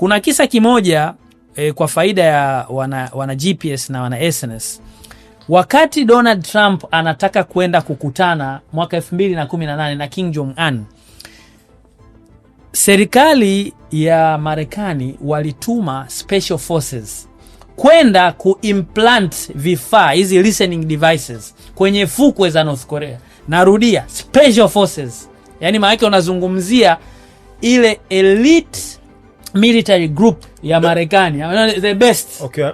Kuna kisa kimoja e, kwa faida ya wana, wana GPS na wana SNS. Wakati Donald Trump anataka kwenda kukutana mwaka 218 na king Jong Un, serikali ya Marekani walituma special forces kwenda kuimplant vifaa hizi listening devices kwenye fukwe za North Korea. Narudia, special forces, yaani maanake unazungumzia ile elite military group ya Marekani the best. Okay,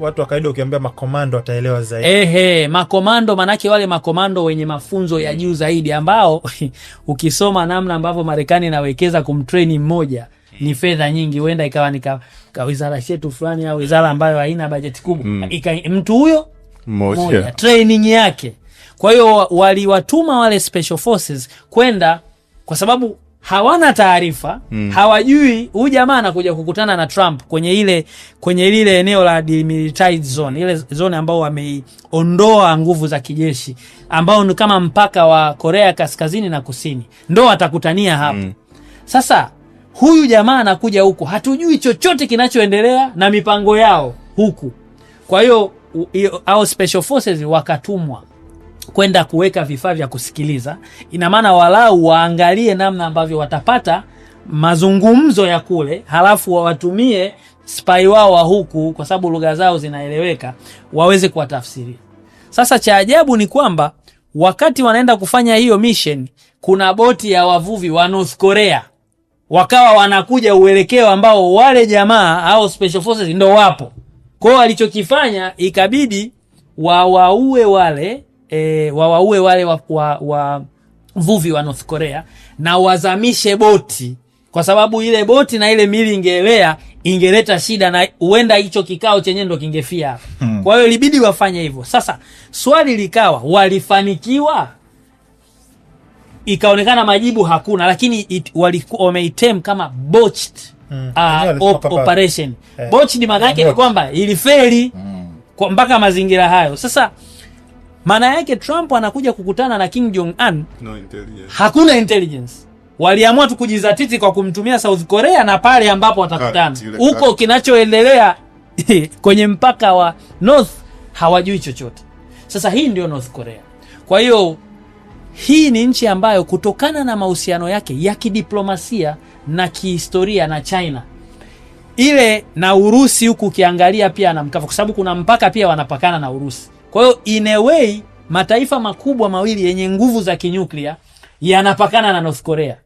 watu wa kawaida ukiambia makomando wataelewa zaidi. Ehe, makomando manake wale makomando wenye mafunzo ya juu zaidi ambao ukisoma namna ambavyo Marekani inawekeza kumtrain mmoja ni fedha nyingi, huenda ikawa ni ka wizara chetu fulani au wizara ambayo haina bajeti kubwa mm. mtu huyo mmoja training yake. Kwa hiyo waliwatuma wale special forces kwenda kwa sababu hawana taarifa mm. Hawajui huyu jamaa anakuja kukutana na Trump kwenye ile kwenye lile eneo la demilitarized zone, ile zone ambao wameiondoa nguvu za kijeshi, ambao ni kama mpaka wa Korea kaskazini na kusini, ndo atakutania hapo mm. Sasa huyu jamaa anakuja huku, hatujui chochote kinachoendelea na mipango yao huku, kwa hiyo au special forces wakatumwa kwenda kuweka vifaa vya kusikiliza, ina maana walau waangalie namna ambavyo watapata mazungumzo ya kule, halafu wawatumie spai wao wa huku, kwa sababu lugha zao zinaeleweka, waweze kuwatafsiria. Sasa cha ajabu ni kwamba wakati wanaenda kufanya hiyo mission, kuna boti ya wavuvi wa North Korea wakawa wanakuja uelekeo ambao wale jamaa au special forces ndo wapo kwao. Walichokifanya, ikabidi wawaue wale e, wawaue wale wavuvi wa, wa, wa, wa North Korea na wazamishe boti, kwa sababu ile boti na ile mili ingeelea ingeleta shida na huenda hicho kikao chenyewe ndo kingefia hapa hmm. Kwa hiyo ilibidi wafanye hivyo. Sasa swali likawa, walifanikiwa? Ikaonekana majibu hakuna, lakini wameitem kama botched hmm. uh, op operation eh. Botched maana yake ni kwamba ilifeli hmm. kwa mpaka mazingira hayo sasa maana yake Trump anakuja kukutana na Kim Jong Un no intelligence. Hakuna intelligence, waliamua tu kujizatiti kwa kumtumia South Korea na pale ambapo watakutana huko, kinachoendelea kwenye mpaka wa North hawajui chochote. Sasa hii ndio North Korea. Kwa hiyo hii ni nchi ambayo kutokana na mahusiano yake ya kidiplomasia na kihistoria na China ile na Urusi, huku ukiangalia pia na mkavu, kwa sababu kuna mpaka pia wanapakana na Urusi. Kwa hiyo in a way mataifa makubwa mawili yenye nguvu za kinyuklia yanapakana na North Korea.